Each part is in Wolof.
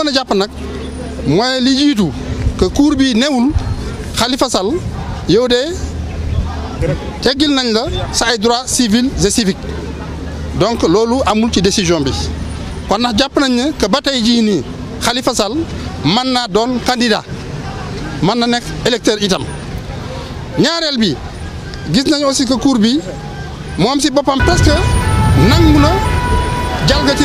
gën a jàpp nag que cour bi newul Khalifa Sall yow de teggil ça la sa ay droits civil. et civique. donc lolo amul multi décision bi kon nag ne que ba tey jii Khalifa Sall mën naa doon candidat mën na nekk électeur itam ñaareel bi gis nañ aussi que cour moi aussi pas presque nangu na jalgati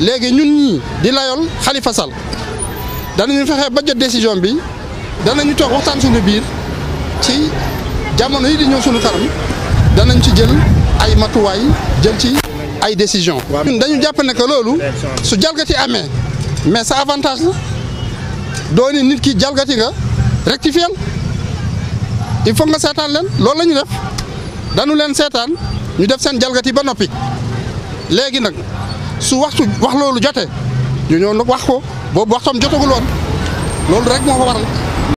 léegi ñun ñii di layool Khalifa Sall danañu fexe ba jot décision bi danañu toog waxtaan suñu biir ci jamono yi di ñëw suñu kanam danañ ci jël ay matuwaay jël ci ay décision ñun dañu jàpp ne que loolu su jalgati amee mais sa avantage la dooni nit ki jalgati nga rectifier il faut nga seetaan leen loolu lañu ñu def dañu leen seetaan ñu def seen jalgati ba noppi léegi nag su waxtu wax loolu jote ñu ñëw nag wax ko boobu waxtam jotagul woon loolu rek moo ko waral.